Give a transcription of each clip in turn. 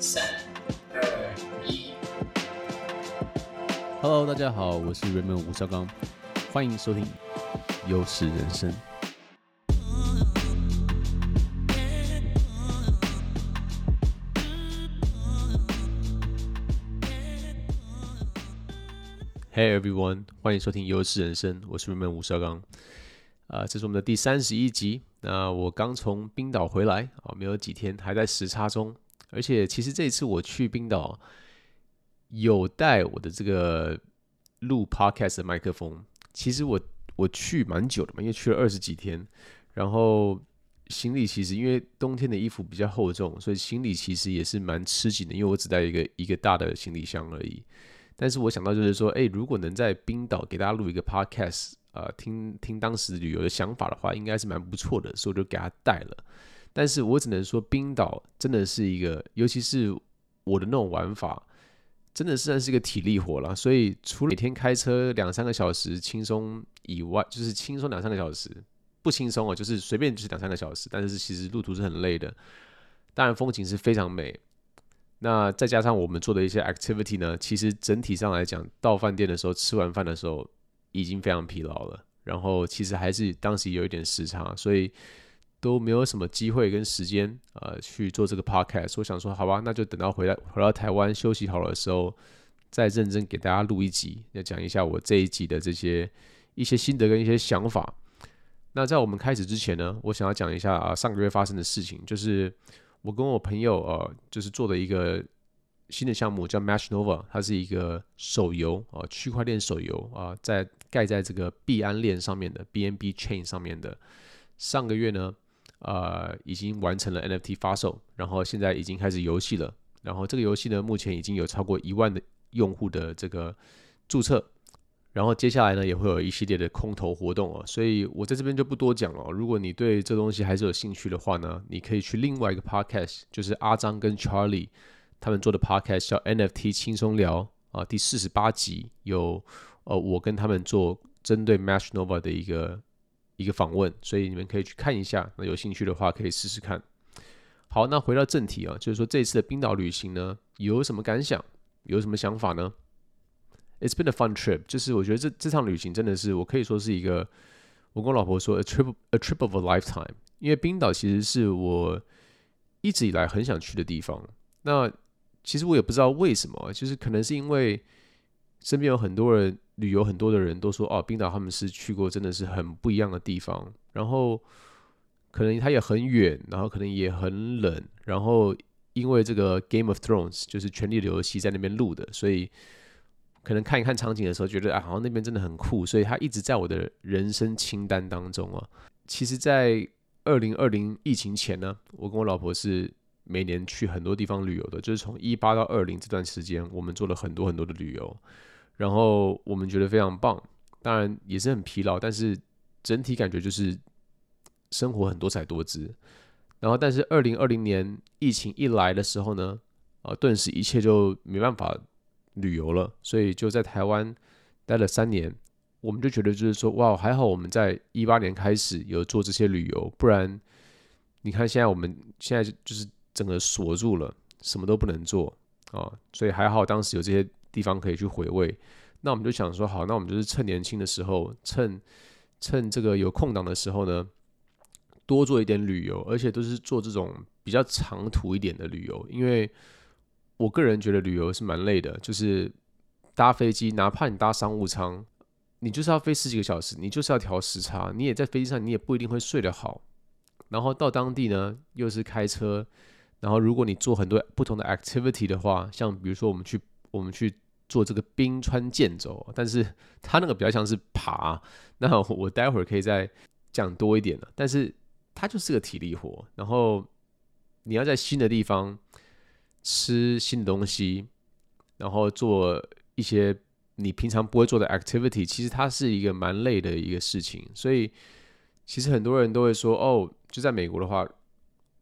三二一哈嘍，Hello，大家好，我是 Raymond 吳紹剛，歡迎收聽《優勢人生》。Hey everyone，歡迎收聽《優勢人生》，我是 Raymond 吳紹剛。啊、呃，這是我們的第三十一集。那我剛從冰島回來啊、哦，沒有幾天，還在時差中。而且其實這一次我去冰島，有帶我的這個錄 podcast 的麥克風。其實我我去蠻久的嘛，因為去了二十幾天。然後行李其實因為冬天的衣服比較厚重，所以行李其實也是蠻吃緊的，因為我只帶一個一個大的行李箱而已。但是我想到就是說，哎、欸，如果能在冰島給大家錄一個 podcast 啊、呃，聽聽當時旅遊的想法的話，應該是蠻不錯的，所以我就給他帶了。但是我只能說，冰島真的是一個，尤其是我的那種玩法，真的是算是一個體力活了。所以除了每天開車兩三個小時輕鬆以外，就是輕鬆兩三個小時，不輕鬆啊，就是隨便就是兩三個小時。但是其實路途是很累的，當然風景是非常美。那再加上我們做的一些 activity 呢，其實整體上來講，到飯店的時候，吃完飯的時候已經非常疲勞了。然後其實還是當時有一點時差，所以。都沒有什麼機會跟時間，呃，去做這個 podcast，我想說，好吧，那就等到回來回到台灣休息好的時候，再認真給大家錄一集，要講一下我這一集的這些一些心得跟一些想法。那在我們開始之前呢，我想要講一下啊，上個月發生的事情，就是我跟我朋友呃、啊，就是做的一個新的項目叫 Match Nova，它是一個手遊啊，區塊鏈手遊啊，在蓋在這個幣安鏈上面的 BNB Chain 上面的。上個月呢，呃，已經完成了 NFT 發售，然後現在已經開始遊戲了。然後這個遊戲呢，目前已經有超過一萬的用戶的這個註冊。然後接下來呢，也會有一系列的空投活動哦，所以我在這邊就不多講了。如果你對這東西還是有興趣的話呢，你可以去另外一個 Podcast，就是阿張跟 Charlie 他們做的 Podcast 叫 NFT 輕鬆聊啊，呃，第四十八集有呃我跟他們做針對 MatchNova 的一個。一個訪問，所以你們可以去看一下。那有興趣的話，可以試試看。好，那回到正題啊，就是說這次的冰島旅行呢，有什麼感想？有什麼想法呢？It's been a fun trip。就是我覺得這這趟旅行真的是我可以說是一個，我跟我老婆說，a trip a trip of a lifetime。因為冰島其實是我一直以來很想去的地方。那其實我也不知道為什麼，就是可能是因為身邊有很多人。旅遊很多的人都說哦，冰島他們是去過，真的是很不一樣的地方。然後可能他也很遠，然後可能也很冷。然後因為這個《Game of Thrones》就是《權力的遊戲》在那邊錄的，所以可能看一看場景的時候，覺得啊，好像那邊真的很酷。所以他一直在我的人生清單當中啊。其實，在二零二零疫情前呢，啊，我跟我老婆是每年去很多地方旅遊的，就是從一八到二零這段時間，我們做了很多很多的旅遊。然後我們覺得非常棒，當然也是很疲勞，但是整體感覺就是生活很多彩多姿。然後，但是二零二零年疫情一來的時候呢，啊，頓時一切就沒辦法旅遊了，所以就在台灣待了三年。我們就覺得就是說，哇，還好我們在一八年開始有做這些旅遊，不然你看現在我們現在就是整個鎖住了，什麼都不能做啊，所以還好當時有這些。地方可以去回味，那我們就想說好，那我們就是趁年輕的時候，趁趁這個有空檔的時候呢，多做一點旅遊，而且都是做這種比較長途一點的旅遊。因為我個人覺得旅遊是蠻累的，就是搭飛機，哪怕你搭商務艙，你就是要飛十幾個小時，你就是要調時差，你也在飛機上，你也不一定會睡得好。然後到當地呢，又是開車，然後如果你做很多不同的 activity 的話，像比如說我們去，我們去。做這個冰川健走，但是它那個比較像是爬，那我待會兒可以再講多一點的。但是它就是個體力活，然後你要在新的地方吃新的東西，然後做一些你平常不會做的 activity，其實它是一個蠻累的一個事情。所以其實很多人都會說，哦，就在美國的話，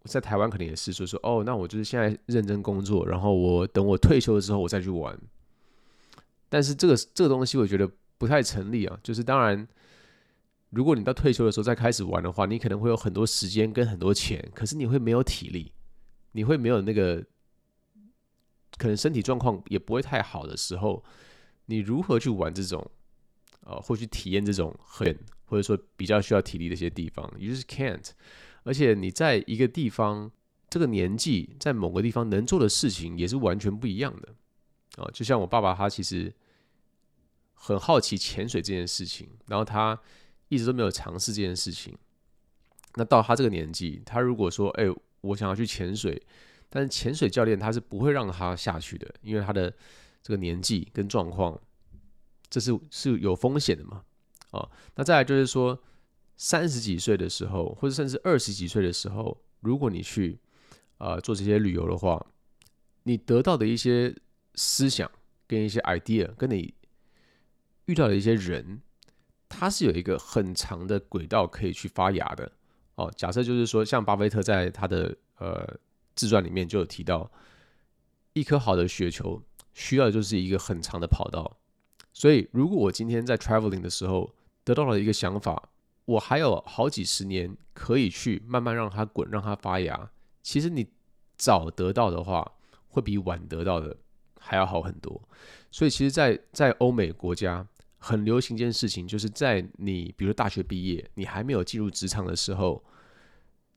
在台灣肯定也是。所以說，哦，那我就是現在認真工作，然後我等我退休了之後，我再去玩。但是這個這個東西我覺得不太成立啊。就是當然，如果你到退休的時候再開始玩的話，你可能會有很多時間跟很多錢，可是你會沒有體力，你會沒有那個可能身體狀況也不會太好的時候，你如何去玩這種呃，或去體驗這種很或者說比較需要體力的一些地方，You just can't。而且你在一個地方這個年紀，在某個地方能做的事情也是完全不一樣的。啊、哦，就像我爸爸，他其實很好奇潛水這件事情，然後他一直都沒有嘗試這件事情。那到他這個年紀，他如果說，哎、欸，我想要去潛水，但是潛水教練他是不會讓他下去的，因為他的這個年紀跟狀況，這是是有風險的嘛。啊、哦，那再來就是說，三十幾歲的時候，或者甚至二十幾歲的時候，如果你去啊、呃、做這些旅遊的話，你得到的一些。思想跟一些 idea，跟你遇到的一些人，他是有一個很長的軌道可以去發芽的。哦，假設就是說，像巴菲特在他的呃自傳裡面就有提到，一顆好的雪球需要就是一個很長的跑道。所以，如果我今天在 traveling 的時候得到了一個想法，我還有好幾十年可以去慢慢讓它滾，讓它發芽。其實你早得到的話，會比晚得到的。還要好很多，所以其實在，在在歐美國家很流行一件事情，就是在你比如大學畢業，你還沒有進入職場的時候，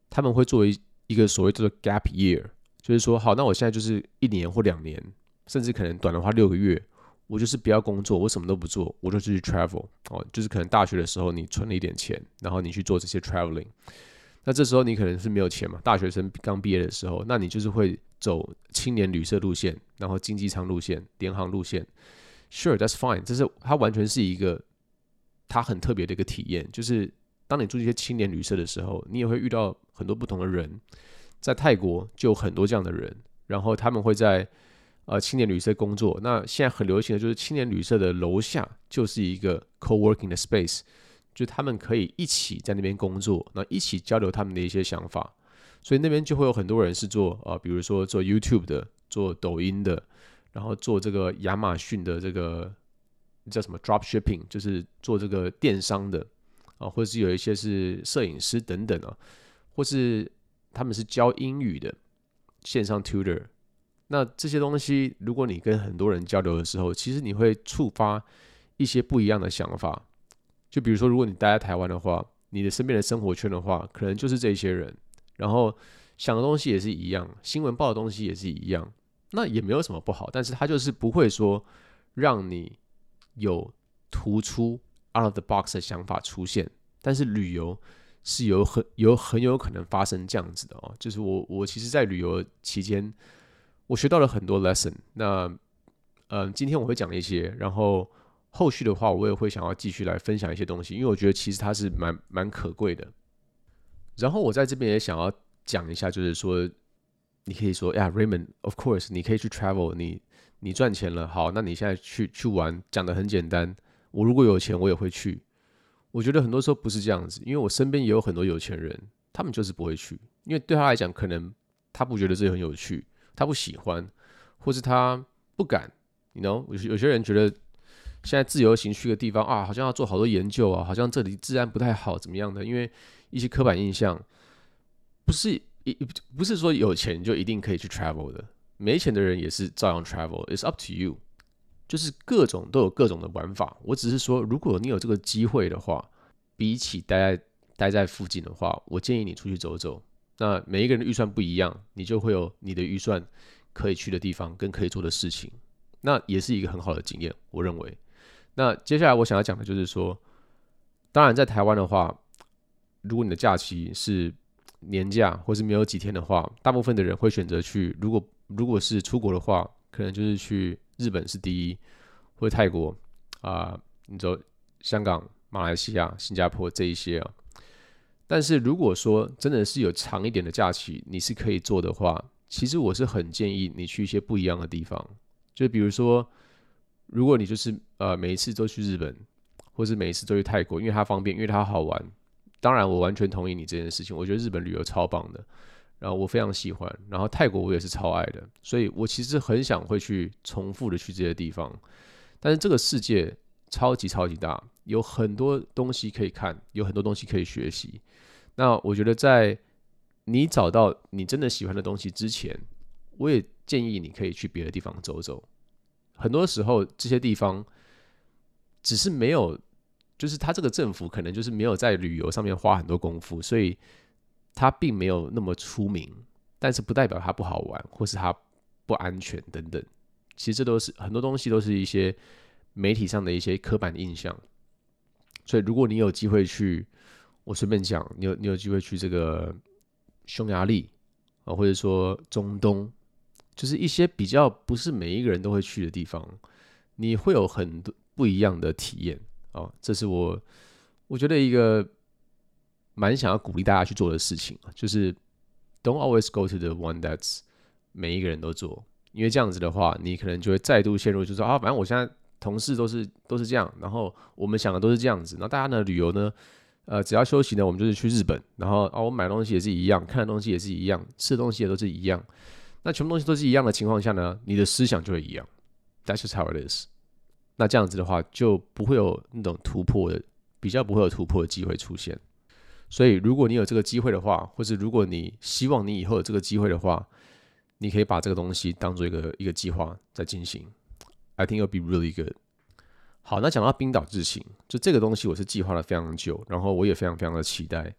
他們會做一一個所謂叫做 gap year，就是說，好，那我現在就是一年或兩年，甚至可能短的話六個月，我就是不要工作，我什麼都不做，我就去 travel 哦，就是可能大學的時候你存了一點錢，然後你去做這些 traveling，那這時候你可能是沒有錢嘛，大學生剛畢業的時候，那你就是會。走青年旅社路線，然後經濟艙路線、廉航路線，Sure，that's fine。這是它完全是一個它很特別的一個體驗，就是當你住一些青年旅社的時候，你也會遇到很多不同的人。在泰國就有很多這樣的人，然後他們會在，在呃青年旅社工作。那現在很流行的就是青年旅社的樓下就是一個 co-working 的 space，就他們可以一起在那邊工作，然後一起交流他們的一些想法。所以那邊就會有很多人是做啊，比如說做 YouTube 的，做抖音的，然後做這個亞馬遜的這個叫什麼 dropshipping，就是做這個電商的啊，或者是有一些是攝影師等等啊，或是他們是教英語的線上 tutor。那這些東西，如果你跟很多人交流的時候，其實你會觸發一些不一樣的想法。就比如說，如果你待在台灣的話，你的身邊的生活圈的話，可能就是這一些人。然後想的東西也是一樣，新聞報的東西也是一樣，那也沒有什麼不好。但是他就是不會說讓你有突出 out of the box 的想法出現。但是旅遊是有很有很有可能發生這樣子的哦。就是我我其實，在旅遊期間，我學到了很多 lesson 那。那呃，今天我會講一些，然後後續的話，我也會想要繼續來分享一些東西，因為我覺得其實它是蠻蠻可貴的。然後我在這邊也想要講一下，就是說，你可以說呀、yeah，Raymond，of course，你可以去 travel，你你賺錢了，好，那你現在去去玩，講得很簡單。我如果有錢，我也會去。我覺得很多時候不是這樣子，因為我身邊也有很多有錢人，他們就是不會去，因為對他來講，可能他不覺得這很有趣，他不喜歡，或是他不敢。你 you know，有有些人覺得現在自由行去的地方啊，好像要做好多研究啊，好像這裡治安不太好，怎麼樣的？因為一些刻板印象，不是一，不是說有錢就一定可以去 travel 的，沒錢的人也是照樣 travel。It's up to you，就是各種都有各種的玩法。我只是說，如果你有這個機會的話，比起待在待在附近的話，我建議你出去走走。那每一個人的預算不一樣，你就會有你的預算可以去的地方跟可以做的事情，那也是一個很好的經驗，我認為。那接下來我想要講的就是說，當然在台灣的話。如果你的假期是年假，或是沒有幾天的話，大部分的人會選擇去。如果如果是出國的話，可能就是去日本是第一，或是泰國啊、呃，你走香港、馬來西亞、新加坡這一些啊。但是如果說真的是有長一點的假期，你是可以做的話，其實我是很建議你去一些不一樣的地方，就比如說，如果你就是呃每一次都去日本，或是每一次都去泰國，因為它方便，因為它好玩。當然，我完全同意你這件事情。我覺得日本旅遊超棒的，然後我非常喜歡。然後泰國我也是超愛的，所以我其實很想回去重複的去這些地方。但是這個世界超級超級大，有很多東西可以看，有很多東西可以學習。那我覺得在你找到你真的喜歡的東西之前，我也建議你可以去別的地方走走。很多時候，這些地方只是沒有。就是他這個政府可能就是沒有在旅遊上面花很多功夫，所以他並沒有那麼出名。但是不代表他不好玩，或是他不安全等等。其實這都是很多東西都是一些媒體上的一些刻板印象。所以如果你有機會去，我隨便講，你有你有機會去這個匈牙利啊，哦，或者說中東，就是一些比較不是每一個人都會去的地方，你會有很多不一樣的體驗。啊、哦，這是我我覺得一個蠻想要鼓勵大家去做的事情就是 don't always go to the one that's 每一個人都做，因為這樣子的話，你可能就會再度陷入就是，就說啊，反正我現在同事都是都是這樣，然後我們想的都是這樣子，那大家呢旅遊呢，呃，只要休息呢，我們就是去日本，然後啊，我買東西也是一樣，看的東西也是一樣，吃的東西也都是一樣，那全部東西都是一樣的情況下呢，你的思想就會一樣。That's just how it is. 那這樣子的話，就不會有那種突破的，比較不會有突破的機會出現。所以，如果你有這個機會的話，或是如果你希望你以後有這個機會的話，你可以把這個東西當做一個一個計劃在進行。I think it'll be really good。好，那講到冰島之行，就這個東西我是計劃了非常久，然後我也非常非常的期待。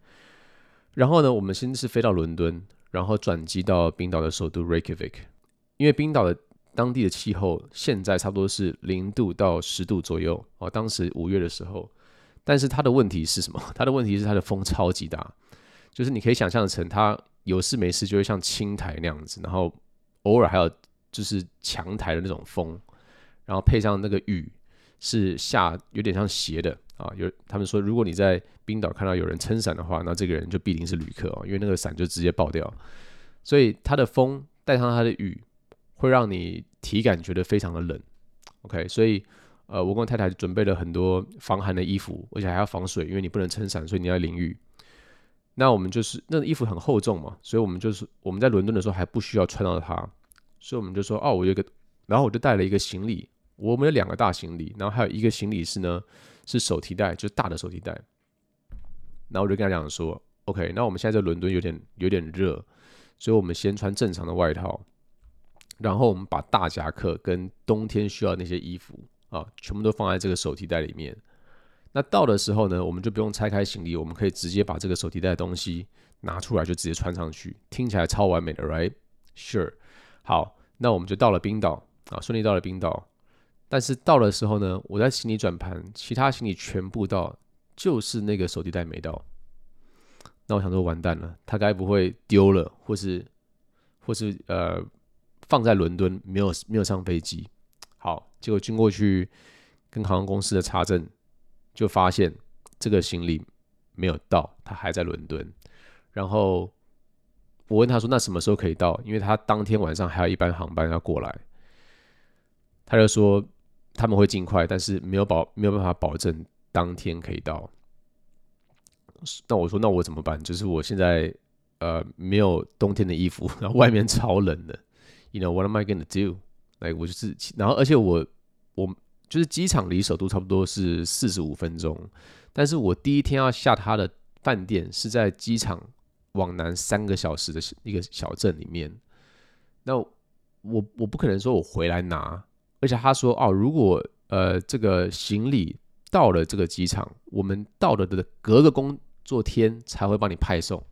然後呢，我們先是飛到倫敦，然後轉機到冰島的首都 Reykjavik 因為冰島的當地的氣候現在差不多是零度到十度左右哦。當時五月的時候，但是它的問題是什麼？它的問題是它的風超級大，就是你可以想象成它有事沒事就會像輕颱那樣子，然後偶爾還有就是強颱的那種風，然後配上那個雨是下有點像斜的啊，哦。有他們說，如果你在冰島看到有人撐傘的話，那這個人就必定是旅客哦，因為那個傘就直接爆掉。所以它的風帶上它的雨會讓你體感覺得非常的冷，OK，所以呃，我跟太太準備了很多防寒的衣服，而且還要防水，因為你不能撐傘，所以你要淋雨。那我們就是那個衣服很厚重嘛，所以我們就是我們在倫敦的時候還不需要穿到它，所以我們就說哦，我有個，然後我就帶了一個行李，我們有兩個大行李，然後還有一個行李是呢是手提袋，就是大的手提袋。然後我就跟他講說，OK，那我們現在在倫敦有點有點熱，所以我們先穿正常的外套。然後我們把大夾克跟冬天需要那些衣服啊，全部都放在這個手提袋裡面。那到的時候呢，我們就不用拆開行李，我們可以直接把這個手提袋的東西拿出來，就直接穿上去。聽起來超完美的，right? Sure。好，那我們就到了冰島啊，順利到了冰島。但是到的時候呢，我在行李轉盤，其他行李全部到，就是那個手提袋沒到。那我想說，完蛋了，它該不會丟了，或是，或是呃。放在倫敦沒有沒有上飛機，好，結果經過去跟航空公司的查證，就發現這個行李沒有到，他還在倫敦。然後我問他說：“那什麼時候可以到？”因為他當天晚上還有一班航班要過來。他就說他們會盡快，但是沒有保沒有辦法保證當天可以到。那我說：“那我怎麼辦？”就是我現在呃沒有冬天的衣服，然後外面超冷的。You know, what am I going to do？Like, 我就是，然後而且我我就是，機場離首都差不多是四十五分鐘，但是我第一天要下他的飯店是在機場往南三個小時的一個小鎮裡面。那我我不可能說我回來拿，而且他說哦，如果呃這個行李到了這個機場，我們到了的隔個工作天才會幫你派送。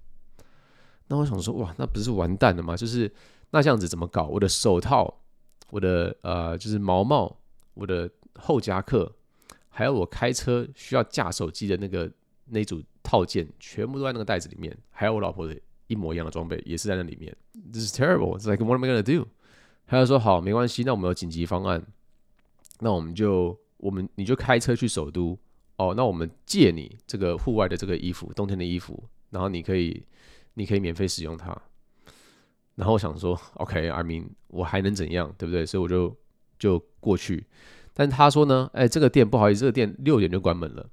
那我想說哇，那不是完蛋了嗎？就是。那這樣子怎麼搞？我的手套、我的呃就是毛帽、我的厚夾克，還有我開車需要架手機的那個那組套件，全部都在那個袋子裡面。還有我老婆的一模一樣的裝備，也是在那裡面。This is terrible，It's like what am I gonna do？他就說好沒關係，那我們有緊急方案。那我們就我們你就開車去首都哦，那我們借你這個戶外的這個衣服，冬天的衣服，然後你可以你可以免費使用它。然後我想說，OK，I mean，我還能怎樣，對不對？所以我就就過去。但是他說呢，哎，這個店不好意思，這個店六點就關門了。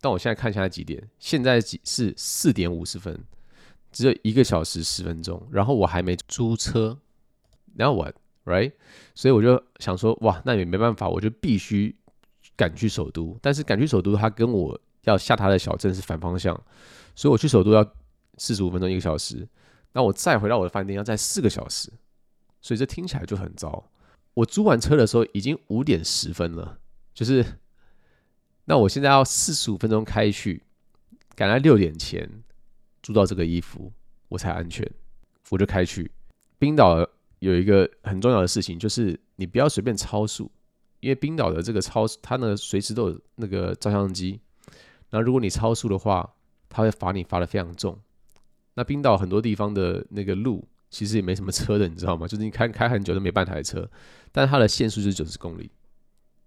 但我現在看現在幾點？現在是四點五十分，只有一個小時十分鐘。然後我還沒租車。Now what, right？所以我就想說，哇，那也沒辦法，我就必須趕去首都。但是趕去首都，他跟我要下他的小鎮是反方向，所以我去首都要四十五分鐘，一個小時。那我再回到我的飯店要在四個小時，所以這聽起來就很糟。我租完車的時候已經五點十分了，就是，那我現在要四十五分鐘開去，趕在六點前租到這個衣服，我才安全。我就開去。冰島有一個很重要的事情，就是你不要隨便超速，因為冰島的這個超，它呢隨時都有那個照相機。然後如果你超速的話，它會罰你罰得非常重。那冰島很多地方的那個路其實也沒什麼車的，你知道嗎？就是你開開很久都沒半台車，但它的限速是九十公里，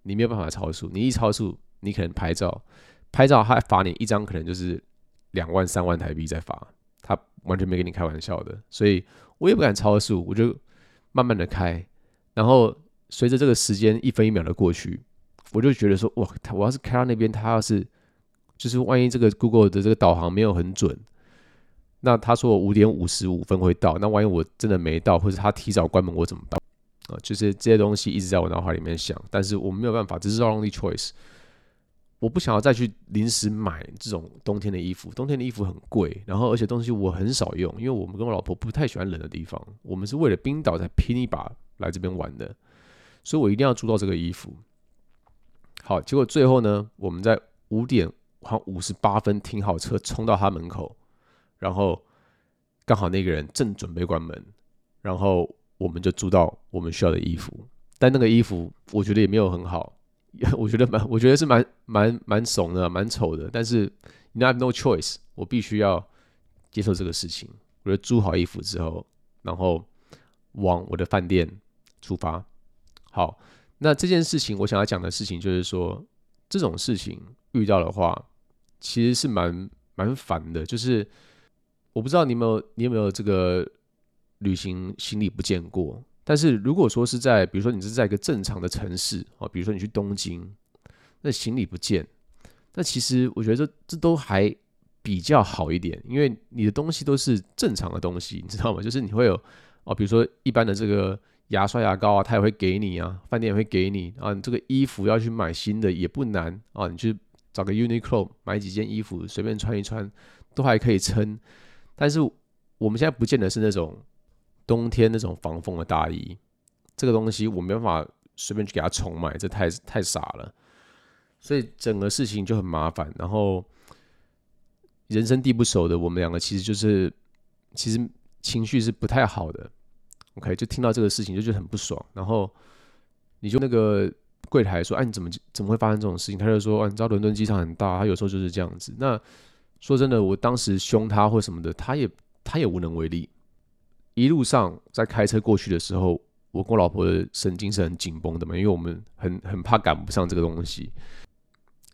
你沒有辦法超速。你一超速，你可能拍照，拍照他罰你一張，可能就是兩萬三萬台幣在罰，他完全沒跟你開玩笑的。所以，我也不敢超速，我就慢慢的開。然後，隨着這個時間一分一秒的過去，我就覺得說，哇，我我要是開到那邊，他要是就是萬一這個 Google 的這個導航沒有很準。那他說我五點五十五分會到，那萬一我真的沒到，或是他提早關門，我怎麼辦？啊，就是這些東西一直在我腦海裡面想，但是我沒有辦法，這是 only choice。我不想要再去臨時買這種冬天的衣服，冬天的衣服很貴，然後而且東西我很少用，因為我們跟我老婆不太喜歡冷的地方，我們是為了冰島才拼一把來這邊玩的，所以我一定要租到這個衣服。好，結果最後呢，我們在五點還五十八分停好車，衝到他門口。然後剛好那個人正準備關門，然後我們就租到我們需要的衣服，但那個衣服我覺得也沒有很好，我覺得蠻我覺得是蠻蠻蠻，蠻慫的，蠻醜的。但是 I have no choice，我必須要接受這個事情。我就租好衣服之後，然後往我的飯店出發。好，那這件事情我想要講的事情就是說，這種事情遇到的話，其實是蠻蠻煩的，就是。我不知道你有沒有，你有沒有這個旅行行李不見過？但是如果說是在比如說你是在一個正常的城市啊，哦，比如說你去東京，那行李不見，那其實我覺得這、這都還比較好一點，因為你的東西都是正常的東西，你知道嗎？就是你會有哦，比如說一般的這個牙刷、牙膏啊，他也會給你啊，飯店也會給你啊。你這個衣服要去買新的也不難啊，你去找個 Uniqlo 買幾件衣服，隨便穿一穿都還可以撐。但是我們現在不見得是那種冬天那種防風的大衣，這個東西我沒辦法隨便去給他重買，這太太傻了，所以整個事情就很麻煩。然後人生地不熟的，我們兩個其實就是其實情緒是不太好的。OK，就聽到這個事情就覺得很不爽，然後你就那個櫃檯說：“哎、啊，你怎麼怎麼會發生這種事情？”他就說：“你知道倫敦機場很大，他有時候就是這樣子。”那說真的，我當時凶他或什麼的，他也他也無能為力。一路上在開車過去的時候，我跟我老婆的神經是很緊繃的嘛，因為我們很很怕趕不上這個東西。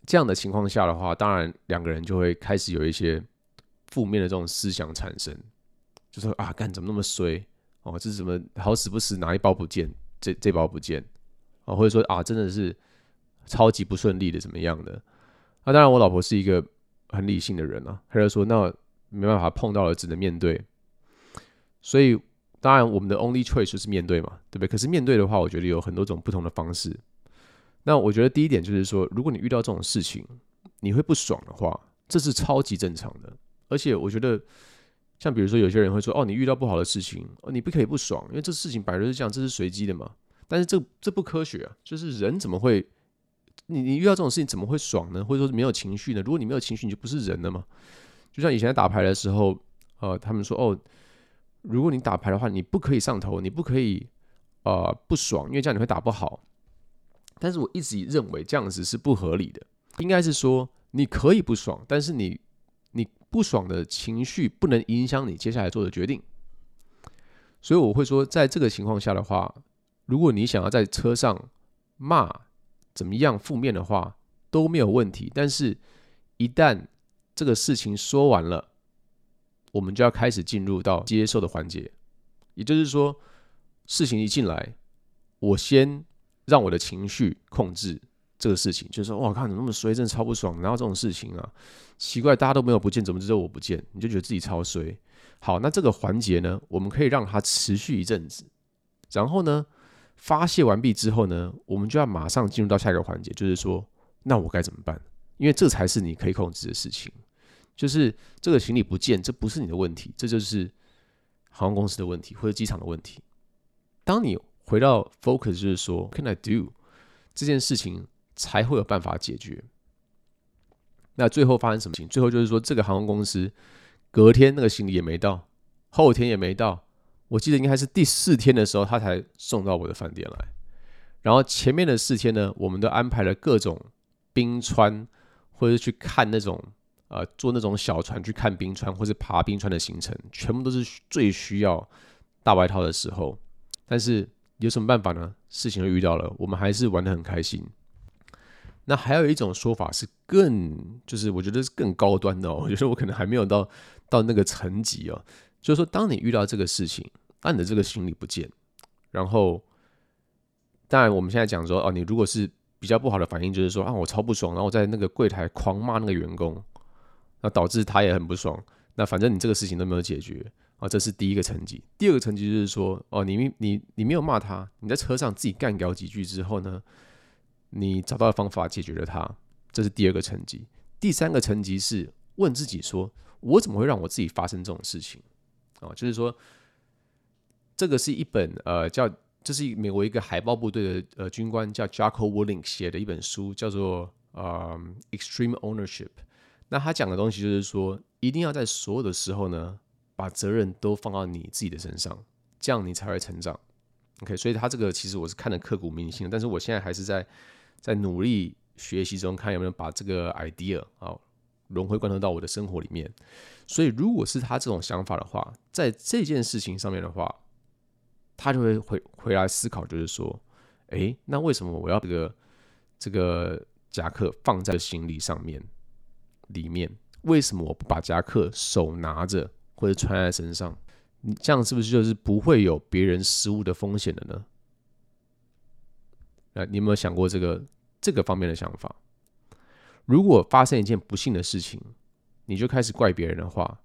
這樣的情況下的話，當然兩個人就會開始有一些負面的這種思想產生，就說啊，幹怎麼那麼衰哦？這是什麼？好死不死，拿一包不見？這這包不見啊、哦？或者說啊，真的是超級不順利的，怎麼樣的？那、啊、當然，我老婆是一個。很理性的人啊，他就說那沒辦法，碰到了，只能面對。所以當然，我們的 only choice 是面對嘛，對不對？可是面對的話，我覺得有很多種不同的方式。那我覺得第一點就是說，如果你遇到這種事情，你會不爽的話，這是超級正常的。而且我覺得，像比如說有些人會說，哦，你遇到不好的事情，哦，你不可以不爽，因為這事情本來就是這樣，這是隨機的嘛。但是這這不科學啊，就是人怎麼會？你你遇到這種事情怎麼會爽呢？或者說是沒有情緒呢？如果你沒有情緒，你就不是人了嘛！就像以前打牌的時候，呃，他們說哦，如果你打牌的話，你不可以上頭，你不可以呃不爽，因為這樣你會打不好。但是我一直認為這樣子是不合理的，應該是說你可以不爽，但是你你不爽的情緒不能影響你接下來做的決定。所以我會說，在這個情況下的話，如果你想要在車上罵。怎麼樣負面的話都沒有問題，但是一旦這個事情，說完了，我們就要開始進入到接受的環節。也就是說，事情一進來，我先讓我的情緒控制這個事情，就是說“哇，看怎麼那麼衰，真的超不爽。”然後這種事情啊，奇怪，大家都沒有不見，怎麼知道我不見？你就覺得自己超衰。好，那這個環節呢，我們可以讓它持續一陣子，然後呢？發泄完畢之後呢，我們就要馬上進入到下一個環節，就是說，那我該怎麼辦？因為這才是你可以控制的事情，就是這個行李不見，這不是你的問題，這就是航空公司的問題或者機場的問題。當你回到 focus，就是說，can I do 這件事情，才會有辦法解決。那最後發生什麼情況？最後就是說，這個航空公司隔天那個行李也沒到，後天也沒到。我記得應該是第四天的時候，他才送到我的飯店來。然後前面的四天呢，我們都安排了各種冰川，或者去看那種啊、呃，坐那種小船去看冰川，或是爬冰川的行程，全部都是最需要大外套的時候。但是有什麼辦法呢？事情又遇到了，我們還是玩得很開心。那還有一種說法是更，就是我覺得是更高端的、喔，我覺得我可能還沒有到到那個層級哦、喔。就是說，當你遇到這個事情，按、啊、的這個行李不見，然後，當然我們現在講說哦，你如果是比較不好的反應，就是說啊，我超不爽，然後我在那個櫃檯狂罵那個員工，那導致他也很不爽。那反正你這個事情都沒有解決啊，這是第一個層級。第二個層級就是說哦，你沒你你沒有罵他，你在車上自己幹譙幾句之後呢，你找到的方法解決了他，這是第二個層級。第三個層級是問自己說，我怎麼會讓我自己發生這種事情啊？就是說。這個是一本呃，叫這是美國一個海豹部隊的呃軍官叫 Jocko Willink 寫的一本書，叫做《呃 Extreme Ownership》。那他講的東西就是說，一定要在所有的時候呢，把責任都放到你自己的身上，這樣你才會成長。OK，所以他這個其實我是看得刻骨銘心的，但是我現在還是在在努力學習中，看有沒有把這個 idea 啊融會貫通到我的生活裡面。所以，如果是他這種想法的話，在這件事情上面的話。他就會回回來思考，就是說，誒、欸，那為什麼我要這個這個夾克放在行李上面裡面？為什麼我不把夾克手拿着或者穿在身上？你這樣是不是就是不會有別人失誤的風險了呢？那你有沒有想過這個這個方面的想法？如果發生一件不幸的事情，你就開始怪別人的話，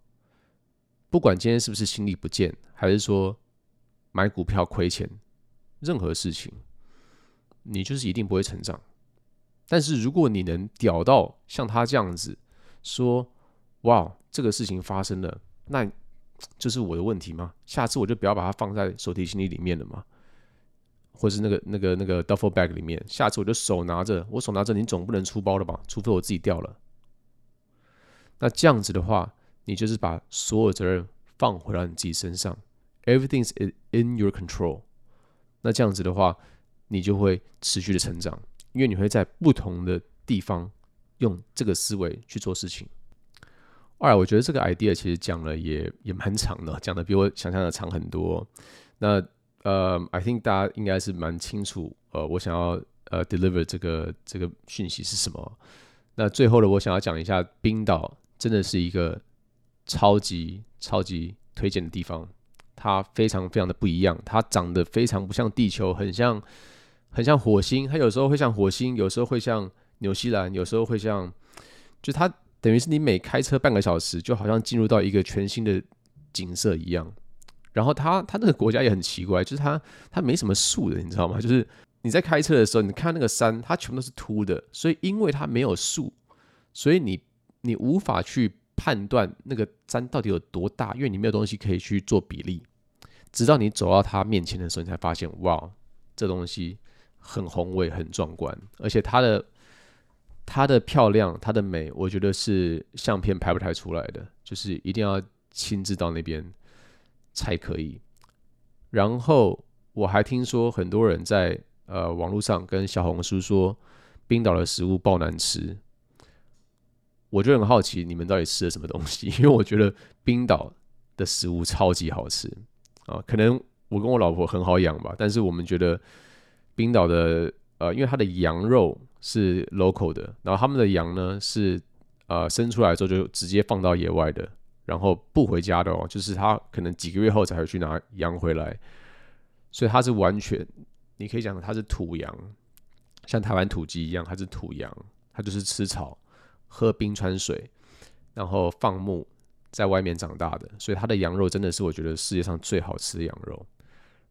不管今天是不是行李不見，還是說。買股票虧錢，任何事情，你就是一定不會成長。但是如果你能屌到像他這樣子說：“哇，這個事情發生了，那就是我的問題嗎？下次我就不要把它放在手提行李裡面了嘛，或是那個那個那個 duffle bag 裡面。下次我就手拿着，我手拿着，你總不能出包了吧？除非我自己掉了。那這樣子的話，你就是把所有責任放回到你自己身上。” Everything's in your control。那這樣子的話，你就會持續的成長，因為你會在不同的地方用這個思維去做事情。二，我覺得這個 idea 其實講了也也蠻長的，講的比我想象的長很多。那呃，I think 大家應該是蠻清楚呃，我想要呃 deliver 這個這個訊息是什麼。那最後呢，我想要講一下冰島真的是一個超級超級推薦的地方。它非常非常的不一樣，它長得非常不像地球，很像很像火星。它有時候會像火星，有時候會像紐西蘭，有時候會像，就它等於是你每開車半個小時，就好像進入到一個全新的景色一樣。然後它它那個國家也很奇怪，就是它它沒什麼樹的，你知道嗎？就是你在開車的時候，你看那個山，它全部都是禿的。所以因為它沒有樹，所以你你無法去判斷那個山到底有多大，因為你沒有東西可以去做比例。直到你走到他面前的時候，你才發現，哇，這東西很宏偉、很壯觀，而且它的它的漂亮、它的美，我覺得是相片拍不太出來的，就是一定要親自到那邊才可以。然後我還聽說很多人在呃網絡上跟小紅書說，冰島的食物爆難吃，我就很好奇你們到底吃了什麼東西，因為我覺得冰島的食物超級好吃。啊、哦，可能我跟我老婆很好養吧，但是我們覺得冰島的呃，因為它的羊肉是 local 的，然後他們的羊呢是呃生出來之後就直接放到野外的，然後不回家的哦，就是它可能幾個月後才會去拿羊回來，所以它是完全你可以講它是土羊，像台灣土雞一樣，它是土羊，它就是吃草、喝冰川水，然後放牧。在外面長大的，所以它的羊肉真的是我覺得世界上最好吃的羊肉。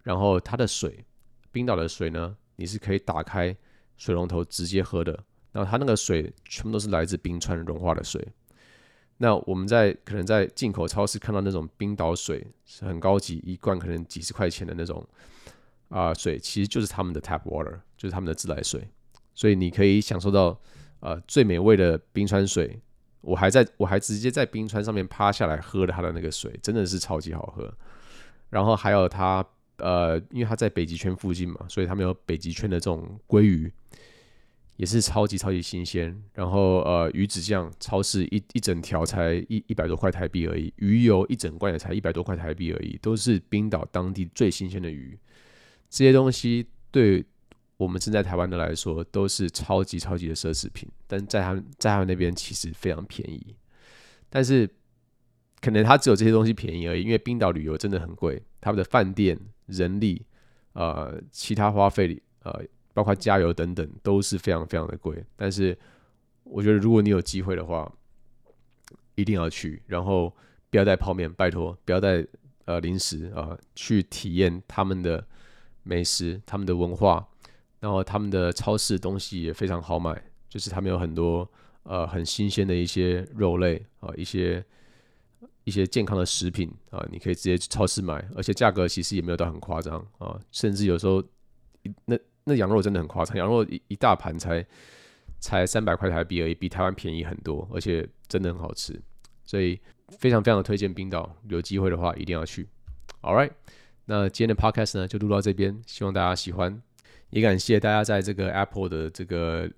然後它的水，冰島的水呢，你是可以打開水龍頭直接喝的。那它那個水全部都是來自冰川融化的水。那我們在可能在進口超市看到那種冰島水是很高級，一罐，可能幾十塊錢的那種啊、呃、水，其實就是他們的 tap water，就是他們的自來水。所以你可以享受到啊、呃、最美味的冰川水。我還在我還直接在冰川上面趴下來喝了他的那個水，真的是超級好喝。然後還有它，呃，因為它在北極圈附近嘛，所以他們有北極圈的這種鮭魚，也是超級超級新鮮。然後呃，魚子醬超市一一整條才一一百多塊台幣而已，魚油一整罐也才一百多塊台幣而已，都是冰島當地最新鮮的魚。這些東西對。我們身在台灣的來說，都是超級超級的奢侈品，但在他們在他們那邊其實非常便宜。但是可能他只有這些東西便宜而已，因為冰島旅遊真的很貴，他們的飯店、人力、呃，其他花費，呃，包括加油等等都是非常非常的貴。但是我覺得，如果你有機會的話，一定要去，然後不要帶泡麵，拜托不要帶呃零食啊、呃，去體驗他們的美食、他們的文化。然後他們的超市東西也非常好買，就是他們有很多呃很新鮮的一些肉類啊、呃，一些一些健康的食品啊、呃，你可以直接去超市買，而且價格其實也沒有到很誇張啊。甚至有時候那那羊肉真的很誇張，羊肉一，一大盤才才三百塊台幣而已，比台灣便宜很多，而且真的很好吃，所以非常非常推薦冰島，有機會的話一定要去。All right，那今天的 Podcast 呢就錄到這邊，希望大家喜歡。也感謝大家在這個 Apple 的這個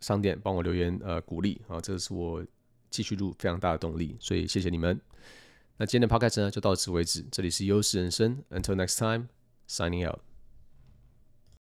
商店幫我留言，呃，鼓勵啊，這是我繼續錄非常大的動力，所以謝謝你們。那今天的 podcast 呢，就到此為止。這裡是優勢人生，until next time，signing out。